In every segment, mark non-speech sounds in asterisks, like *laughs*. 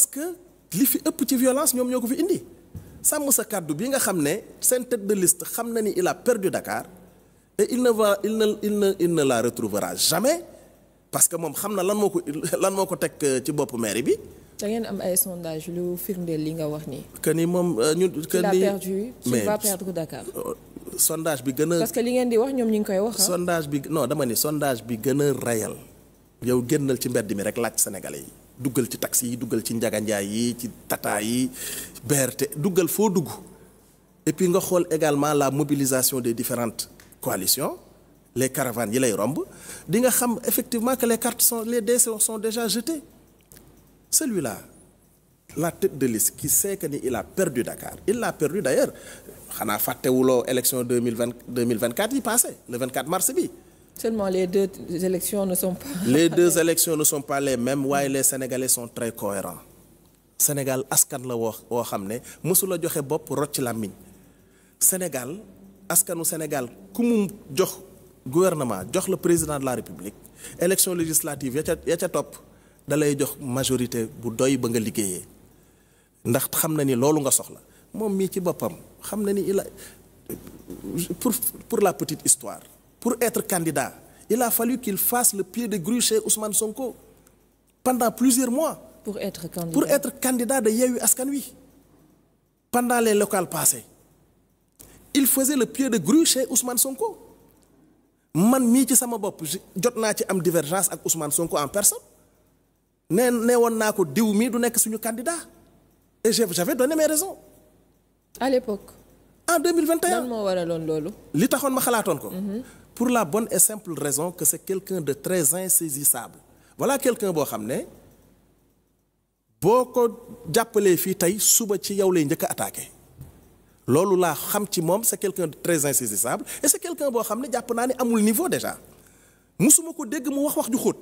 parce que li fi ëpp ci violence ñoom ñoo ko fi indi sàmm sa kàddu bi nga xam ne seen tête de xam na ni il a perdu Dakar et il ne va il ne il ne il ne la retrouvera jamais parce que moom xam na lan moo ko lan moo ko teg euh, ci bopp mairie bi. da ngeen am ay sondage lu firndeel li nga wax nii. que ni moom euh, ñun que ni il a perdu il va perdre Dakar. Euh, sondage bi gën a. parce que li ngeen di wax ñoom ñu ngi koy wax. sondage bi no dama ni sondage bi gën a yow génnal ci mbedd mi rek laaj sénégalais yi duggal ci taxi yi duggal ci njaganjaay yi ci tata yi BRT duggal foo dugg et puis nga xool également la mobilisation des différentes coalitions les caravanes yi lay romb di nga xam effectivement que les cartes sont les dés sont déjà jetés celui-là la tête de liste qui sait que ni il a perdu Dakar il l'a perdu d'ailleurs xanaa fàttewuloo élection deux mille vingt quatre yi passé le mars bi. Seulement les deux élections ne sont pas. Les *laughs* deux élections ne sont pas waaye les Sénégalais sont très cohérents Sénégal askan la woo woo xam ne mësula joxe bopp rocc làmmiñ Sénégal askanu Sénégal ku mu jox gouvernement jox la président de la République élection législative ya ca topp da lay jox majorité bu doy ba nga liggéeyee ndax xam na ni loolu nga soxla moom mii ci boppam xam na ni il pour pour la petite histoire. pour être candidat il a fallu qu'il fasse le pied de grue chez Ousmane Sonko pendant plusieurs mois. pour être candidat pour être candidat de Yewwi Askan Wi pendant les locales passées il faisait le pied de grue chez Ousmane Sonko man mii ci sama bopp jot naa ci am divergence ak ousman Sonko en personne nee nee woon naa ko diw mii du nekk suñu candidat et j'avais donné mes raisons. à l'époque. en 2021 lan moo waraloon loolu. li taxoon ma xalaatoon ko. Mm-hmm. pour la bonne et simple raison que c'est quelqu'un de très insaisissable voilà quelqu'un boo xam ne boo ko jàppalee fii tey suba ci yow lay njëkk a attaqué loolu laa xam ci moom c'est quelqu'un de très insaisissable et c'est quelqu'un boo xam ne jàpp naa ne amul niveau déjà musuma ko dégg mu wax wax ju xóot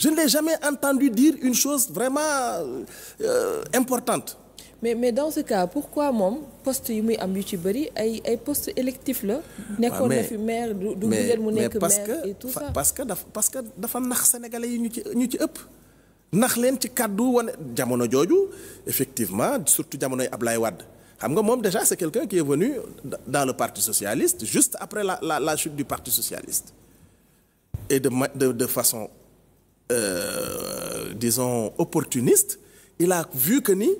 je ne l'ai jamais entendu dire une chose vraiment euh, euh, importante mais mais dans ce cas pourquoi moom poste yi muy am yu ci bëri ay ay poste électif la. nekkoon na fi maire du mu nekk maire et tout ça parce que parce que dafa nax sénégalais yi ñu ci ñu ci ëpp. nax leen ci kàddu wane jamono jooju effectivement surtout jamonoy Ablaye Wade xam nga moom déjà c'est quelqu'un qui est venu dans le parti socialiste juste après la la la chute du parti socialiste et de de de façon euh, disons opportuniste il a vu que ni.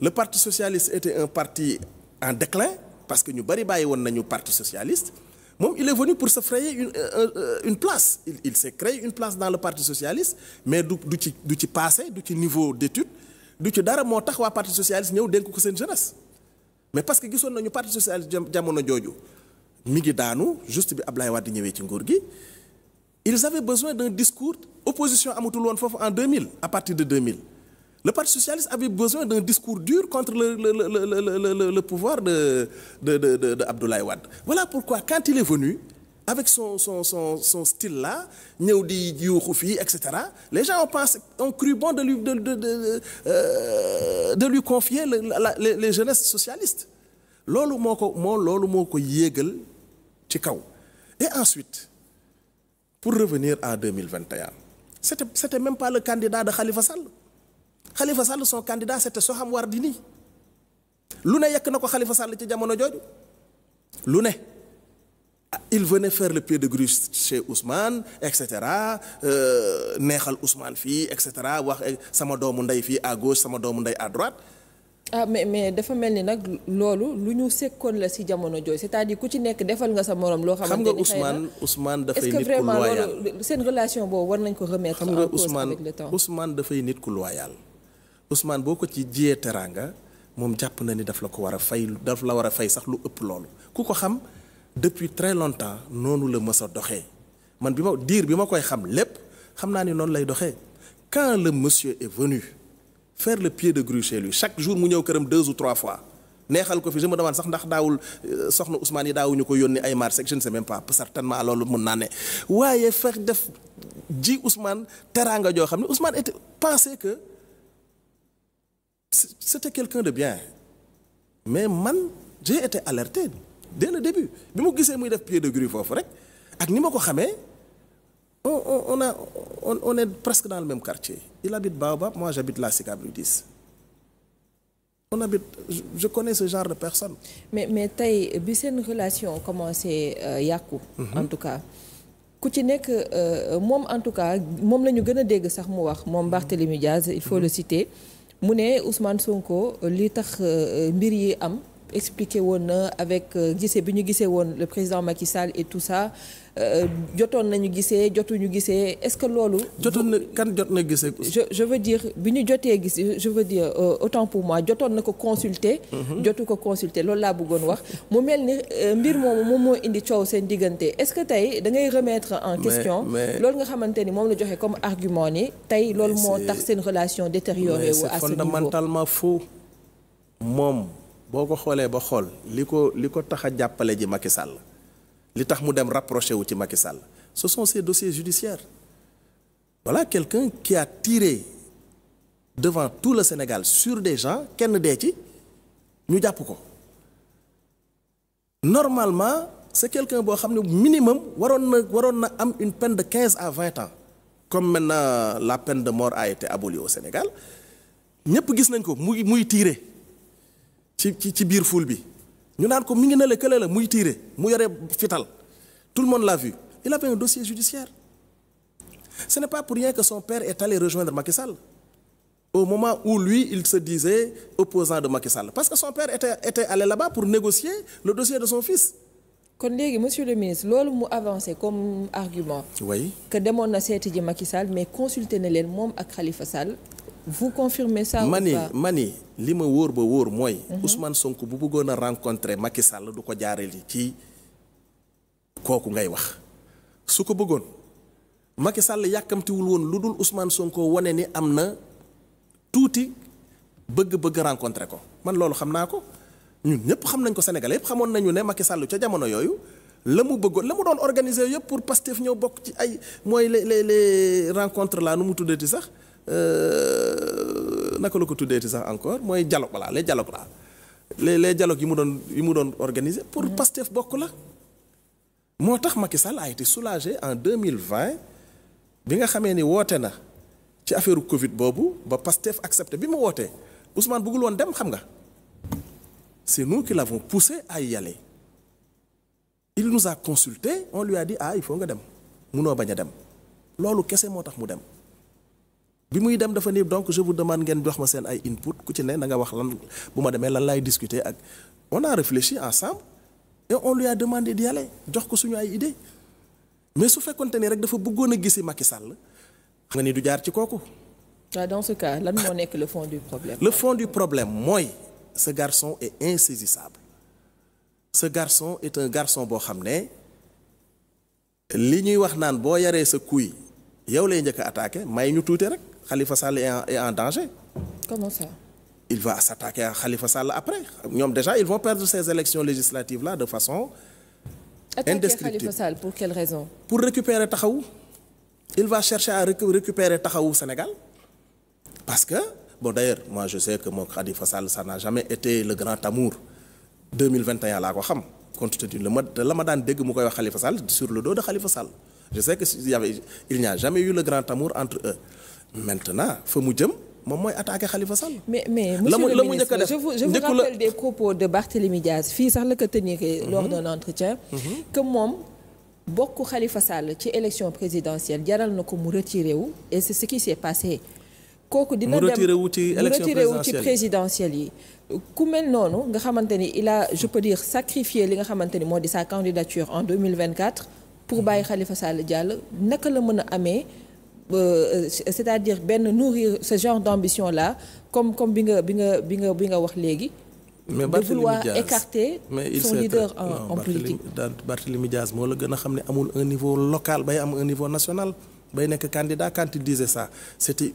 le parti socialiste était un parti en déclin parce que ñu bari bàyyi woon nañu parti socialiste moom il est venu pour se frayer euh, euh, euh, une place il il s'est créé une place dans le parti socialiste mais du du ci du ci passé du ci niveau d'étude du ci dara moo tax waa parti socialiste ñëw dénk ko seen jeunesse mais parce que gisoon nañu parti socialiste jamono jooju mu ngi daanu juste bi Ablaye Wade ñëwee ci nguur gi ils avaient besoin d'un discours opposition amatul woon foofu en 2000 à partir de Le Parti socialiste avait besoin d'un discours dur contre le, le, le, le pouvoir de, de, de, de Abdoulaye Wade. Voilà pourquoi, quand il est venu, avec son, son, son, son style-là, etc., les gens ont, pensé, ont cru bon de lui, euh, de, lui confier la, les, les jeunesses socialistes. Et ensuite, pour revenir à 2021, c'était même pas le candidat de Khalifa Sall. xalifa Khalifa Sall son candidat c'était Soham Wardini lu ne yekk na ko xalifa Sall ci jamono jooju lu ne ah, il venait faire le pied de grue chez Ousmane et cetera euh, neexal Ousmane fii et cetera wax sama doomu ndey fii à sama doomu ndey à droite. ah mais mais dafa mel ni nag loolu lu ñu sekkoon la si jamono jooy c'est-à-dire ku ci nekk defal nga sa morom. loo xamante ni xëy na xam nga Ousmane Ousmane dafay seen relation boobu war nañ ko remettre en cause avec le temps xam nga Ousmane Ousmane dafay nit ku loyal. Ousmane boo ko ci jiyee teraanga moom jàpp na ni daf la ko war a fay daf la war a fay sax lu ëpp loolu ku ko xam depuis très longtemps noonu la mës a doxee man bi ma diir bi ma koy xam lépp xam naa ni noonu lay doxee quand la monsieur est venu faire le pied de grue chez lui chaque jour mu ñëw këram deux ou trois fois neexal ko fi je me sax ndax daawul euh, soxna Ousmane yi daawuñu ko yónni ay marché je ne sais même pas certainement loolu mun naa ne waaye fex def ji Ousmane joo xam ne Ousmane était pensé que. c'était quelqu'un de bien mais man j'ai été alerté dès le début bi mu gisee muy def pied de grue foofu rek ak ni ma ko xamee on on a on, est presque dans le même quartier il habite Baobab moi j'habite la Sicap Rue 10 on habite je connais ce genre de personne. mais mais tey bi seen relation commencé euh, yàqu. Mhm. en tout cas. ku ci nekk euh, moom en tout cas moom la ñu gën a dégg sax mu wax moom Barthélémy Diaz il faut mm le citer. mu ne Ousmane Sonko euh, li tax euh, mbir yi am expliqué woon na avec euh, gisee bi ñu gisee woon le président Macky Sall et tout ça euh, jotoon nañu gisee jotuñu gisee est-ce que loolu. jotoon na kan jot na gisee. je veux dire bi ñu jotee gis je veux dire euh, autant pour moi jotoon na ko consulter. Mhm. jotu ko consulter loolu laa bëggoon wax. mu mel ni mbir moomu moom moo indi coow seen diggante est-ce que tey da ngay remettre en question. loolu nga xamante ni moom la joxe comme argument ni. tey loolu moo tax seen relation détériorée wu. à ce niveau mais c'est fondamentalement faux boo ko xoolee ba xool li ko li ko tax a jàppale ji Macky Sall li tax mu dem rapproché wu ci Macky Sall ce sont ces dossiers judiciaires voilà quelqu'un qui a tiré devant tout le Sénégal sur des gens kenn dee ci ñu jàpp ko normalement c'est quelqu'un boo xam ne minimum waroon na waroon na am une peine de quinze à vingt ans comme maintenant la peine de mort a été abolie au Sénégal ñëpp gis nañ ko muy muy tiré. ci ci ci biir foule bi ñu naan ko mi ngi ne la kële la muy tiire mu yore fital tout le monde l'a vu il avait un dossier judiciaire ce n'est pas pour rien que son père est allé rejoindre Macky Sall au moment où lui il se disait opposant de Macky Sall parce que son père était était allé là-bas pour négocier le dossier de son fils. kon léegi monsieur le ministre loolu mu avancé comme argument. oui que demoon na seeti ji Macky mais consulté na leen moom ak Khalifa Sall. vous confirmez ça ma ni li ma wóor ba wóor mooy. Mhm. Ousmane Sonko bu bëggoon a rencontrer Macky Sall du ko jaareel ci kooku ngay wax su ko bëggoon Macky Sall yàkkamtiwul woon lu dul Ousmane Sonko wane ni am na tuuti bëgg-bëgg rencontrer ko man loolu xam naa ko ñun ñëpp xam nañ ko Sénégalais yëpp xamoon nañu ne Macky Sall ca jamono yooyu. la mu bëggoon la mu doon organiser yëpp pour Pastef ñëw bokk ci ay mooy les les rencontre laa là nu mu tuddati sax. Euh, naka la ko tuddeeti sax encore mooy dialogue voilà les dialogues là les les yi mu doon yi mu doon organiser pour mhm. Pastef bokk la moo tax Macky Sall a été soulagé en 2020 bi nga xamee ni woote na ci affaire Covid boobu ba Pastef accepté bi mu wootee Ousmane bëggul woon dem xam nga c'est nous qui l'avons poussé à y aller il nous a consulté on lui a dit ah il nga dem munoo bañ a dem loolu kese moo tax mu dem bi muy dem dafa nii donc je demande ngeen jox ma seen ay input ku ci ne na wax lan bu ma demee lan laay discuter ak on a réfléchi ensemble et on lui a demandé di aller jox ko suñu ay idée mais su fekkonte ni rek dafa bëggoon a gisi Macky Sall xam nga ni du jaar ci kooku. waaw ah, dans ce cas lan moo nekk le fond du problème. *laughs* le fond du problème mooy sa garson et insaisissable ce garçon est un garçon boo xam ne li ñuy wax naan boo yaree sa kuy yow lay njëkk a attaqué may ñu tuuti rek. Khalifa Sall est en, en danger. comment ça. il va s'attaquer à Khalifa Sall après ñoom déjà ils vont perdre ces élections législatives là de façon. indescriptible pour quelle raison. pour récupérer taxawu. il va chercher à récupérer taxawu Sénégal parce que bon d'ailleurs moi je sais que moom Khalifa Sall ça n'a jamais été le grand amour 2021 laa ko xam. constitue la ma la ma daan dégg mu koy wax Khalifa Sall sur le dos de Khalifa Sall je sais que il n'y a jamais eu le grand amour entre eux maintenant fa mu jëm moom mooy attaqué Khalifa Sall. mais mais monsieur le, ministre je vous rappelle des propos de Barthélémy Diaz fii sax la ko tenir lors mhm. d'un entretien. Mhm. que moom bokk Khalifa Sall ci élection présidentielle jaral na ko mu retiré wu et c'est ce qui s'est passé. kooku dina dem retiré wu ci élection présidentielle présidentielle yi ku mel noonu nga xamante ni il a je peux dire sacrifié li nga xamante ni moo di sa candidature en 2024 pour bàyyi Khalifa Sall jàll naka la mën a amee euh, c'est-à-dire benn nourrir ce genre d'ambition là comme comme bi nga bi nga bi nga bi nga wax léegi mais de vouloir écarter son leader en politique Barthélémy Diaz moo la gën a xam ne amul un niveau local bay am un niveau national bay nekk candidat quand il disait ça c'était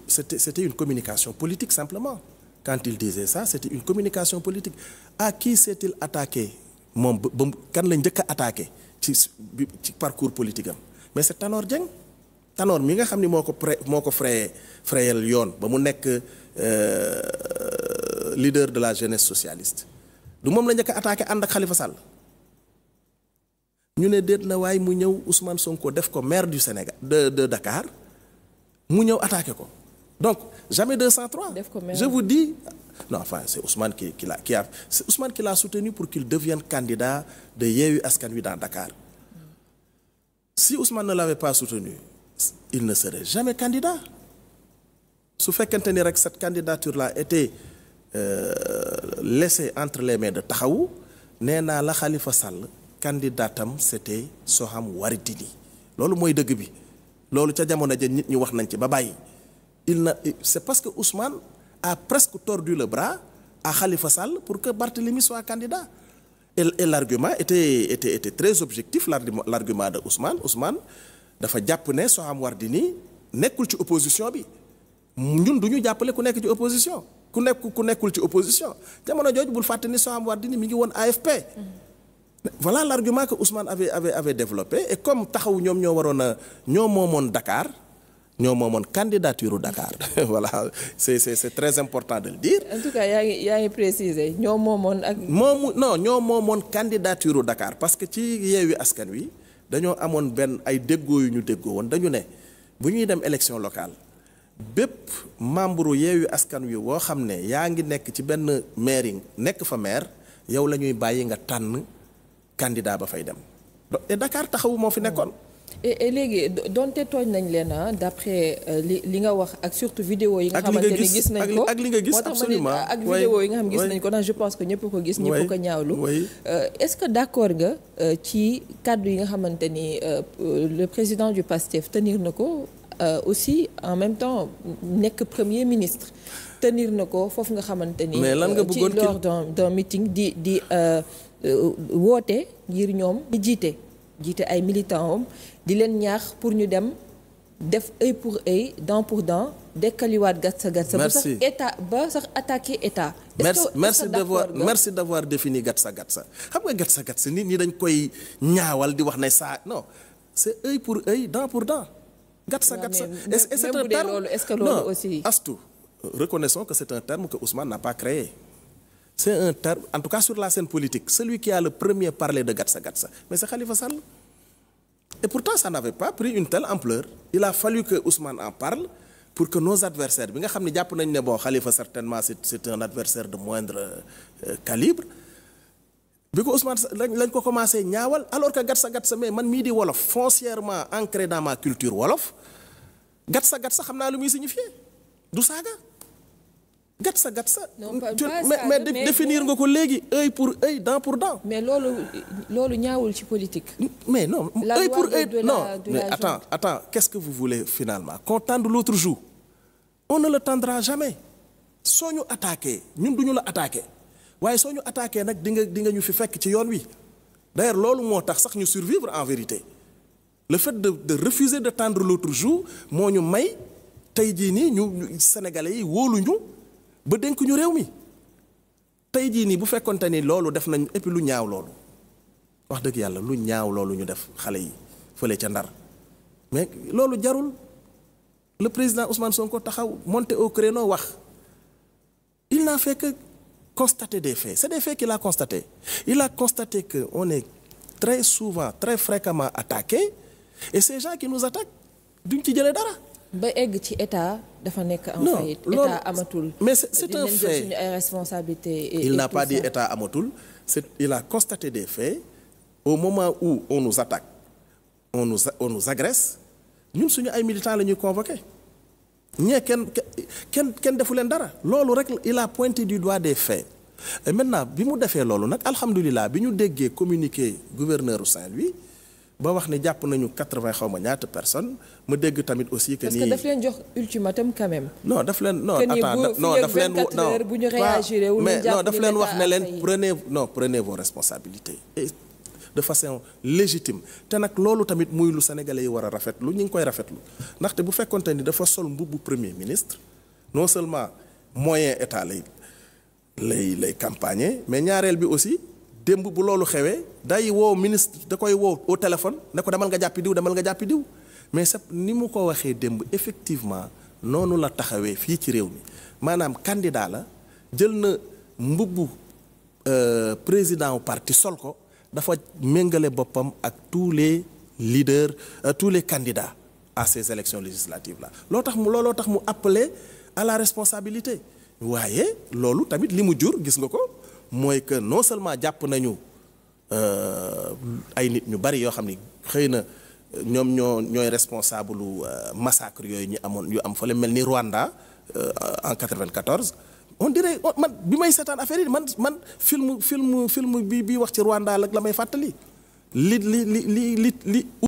une communication politique simplement quand il disait ça c'était une communication politique à qui s'est-il attaqué moom ba kan la njëkk a attaqué ci ci parcours politique am mais c'est Tanor Dieng Tanor mi nga xam ni moo ko pré moo ko frayé frayel yoon ba mu nekk euh, leader de la jeunesse socialiste du moom la njëkk a attaqué ànd ak Khalifa Sall ñu ne déet na waaye mu ñëw Ousmane Sonko def ko maire du Sénégal de de Dakar mu ñëw attaqué ko donc jamais 203. def ko maire je vous dis non enfin c'est Ousmane qui qui ki qui a c'est Ousmane qui l'a soutenu pour qu'il devienne candidat de Yewwi Askan Wi dans dakaar si Ousmane ne l'avait pas soutenu il ne serait jamais candidat su fekkente ni rek cette candidature là était euh, entre les mais de Taxawu nee naa la Khalifa Sall. candidatam c'était Soham Wardini loolu mooy dëgg bi loolu ca jamono ja nit ñi wax nañ ci ba bàyyi il na c'est parce que Ousmane a presque tordu le bras a xalifa Sall pour que Barthélemy soit candidat et, et l'argument était était était très objectif l'argument de Ousmane Ousmane dafa jàpp ne am Soham dini nekkul ci opposition bi ñun du ñu jàppale ku nekk ci opposition ku nekk ku nekkul ci opposition jamono jooju bul fàtte ni Soham Wardini mi ngi woon AFP. voilà l'argument que Ousmane avait ave avait développé et comme taxaw ñoom ñoo waroon a ñoo moomoon dakaar ñoo moomoon candidature Dakar *laughs* voilà c'est c'est très important de le dire. en tout cas yaa ngi yaa ngi préciser ñoo moomoon ak. moomu non ñoo moomoon candidature Dakar parce que ci Yewwi Askan Wi dañoo amoon benn ay déggoo yu ñu déggoo woon dañu ne bu ñuy dem élection locale bépp membre Yewwi Askan Wi woo xam ne yaa ngi nekk ci benn mairie nekk fa maire yow la ñuy bàyyi nga tànn. candidat ba fay dem et eh, Dakar taxawu moo fi hmm. nekkoon. léegi donte tooñ nañ leen ah d'après euh, li li nga wax ak surtout vidéo yi nga xamante ne gis nañ ko ak gis absolument ah, ak vidéo nga xam gis nañ ko ndax je pense que ñëpp ko gis ñëpp ko ñaawlu euh, est-ce que d'accord nga euh, ci kaddu yi nga xamante ni le président du PASTEF tenir na ko aussi en même temps nekk premier ministre tenir na ko foofu nga xamante ni mais lan nga bëggoon ci lors d'un meeting di di Euh, woote ngir ñoom ñi jiite jiite ay militants om di leen ñaax pour ñu dem def œil pour œil dent pour dent dekkaliwaat gatsa gatsa. ba sax état ba sax attaqué état. merci merci d'avoir merci d'avoir défini gatsa gatsa xam nga gatsa gatsa nit ñi dañ koy ñaawal di wax ne saa non c'est œil pour œil dent pour dent. gatsa gatsa est-ce que loolu aussi. astu reconnaissons que c'est un terme que Ousmane n'a pas créé. c'est un terme en tout cas sur la scène politique celui qui a le premier parlé de Gatsa Gatsa mais c'est Khalifa Sall et pourtant ça n'avait pas pris une telle ampleur il a fallu que Ousmane en parle pour que nos adversaires bi nga xam ne jàpp nañ ne bon Khalifa certainement c'est c'est un adversaire de moindre euh, calibre bi ko Ousmane lañ ko commencé ñaawal alors que Gatsa Gatsa mais man mii di wolof foncièrement ancré dans ma culture wolof Gatsa Gatsa xam naa lu gat sa gat sa. mais définir nga ko léegi œil pour œil dent pour dent. mais loolu loolu ñaawul ci politique. mais no œil pour œil non mais qu'est-ce que vous voulez finalement qu'on tende l'autre joue on ne le tendra jamais soo ñu attaqué ñun duñu la attaqué waaye soo ñu attaqué nag di nga di nga ñu fi fekk ci yoon wi d'ailleurs loolu moo tax sax ñu survivre en vérité le fait de de refuser de tendre l'autre joue moo ñu may tey jii nii ñu sénégalais yi wóolu ba dénk ñu réew mi tey jii nii bu fekkonte ni loolu def nañ et lu ñaaw loolu wax dëgg yàlla lu ñaaw loolu ñu def xale yi fële ca ndar mais loolu jarul le président Ousmane ko taxaw monte au créneau wax il n'a fekk que constater des faits c'est des faits qu'il a constaté il a constaté que on est très souvent très fréquemment attaqué et ces gens qui nous attaquent duñ ci jëlee dara. ba egg ci état dafa nekk am faillite état amatul mais c'est un fait suñu ay responsabilité il n'a pas dit état amatul c'est il a constaté des faits au moment où on nous attaque on nous on nous agresse ñun suñu ay militants la ñuy convoqué ñee kenn kenn defu leen dara loolu rek il a pointé du doigt des faits et maintenant bi mu defee loolu nag alhamdulilah bi ñu déggee communiqué gouverneur Saint-Louis ba wax ne jàpp nañu quatre-vingt xaw ma ñaata personne ma dégg tamit aussi que nii parce que daf leen jox ultimatum quand même. non daf leen non attends non daf leen non bu ñu réagir mais non daf leen wax ne leen prenez non prenez vos responsabilités. et de façon te nag loolu tamit muy lu sénégalais yi war a rafetlu ñu ngi koy rafetlu ndaxte bu fekkonte ni dafa sol mbubbu premier ministre non seulement moyen état lay lay campagner mais ñaareel bi aussi. démb bu loolu xewee day woo ministre da koy woo au téléphone ne ko demal nga jàppi diw demal nga jàppi diw mais sa ni mu ko waxee démb effectivement noonu la taxawee fii ci réew mi maanaam candidat la jël na mbubbu euh, président wu parti sol ko dafa méngale boppam ak tous les leaders euh, tous les candidats à ces élections législatives là loo tax mu looloo tax mu appelé à la responsabilité waaye loolu tamit li mu jur gis nga ko mooy que non seulement jàpp nañu euh, ay nit ñu bari yoo xam ni xëy na euh, ñoom ñoo ñooy responsable lu euh, massacre yooyu ñu amoon yu am fële mel ni Rwanda en 94. on dirait man bi may seetaan affaire yi man man film film film bi bi wax ci Rwanda la la may fàttali li li li li li.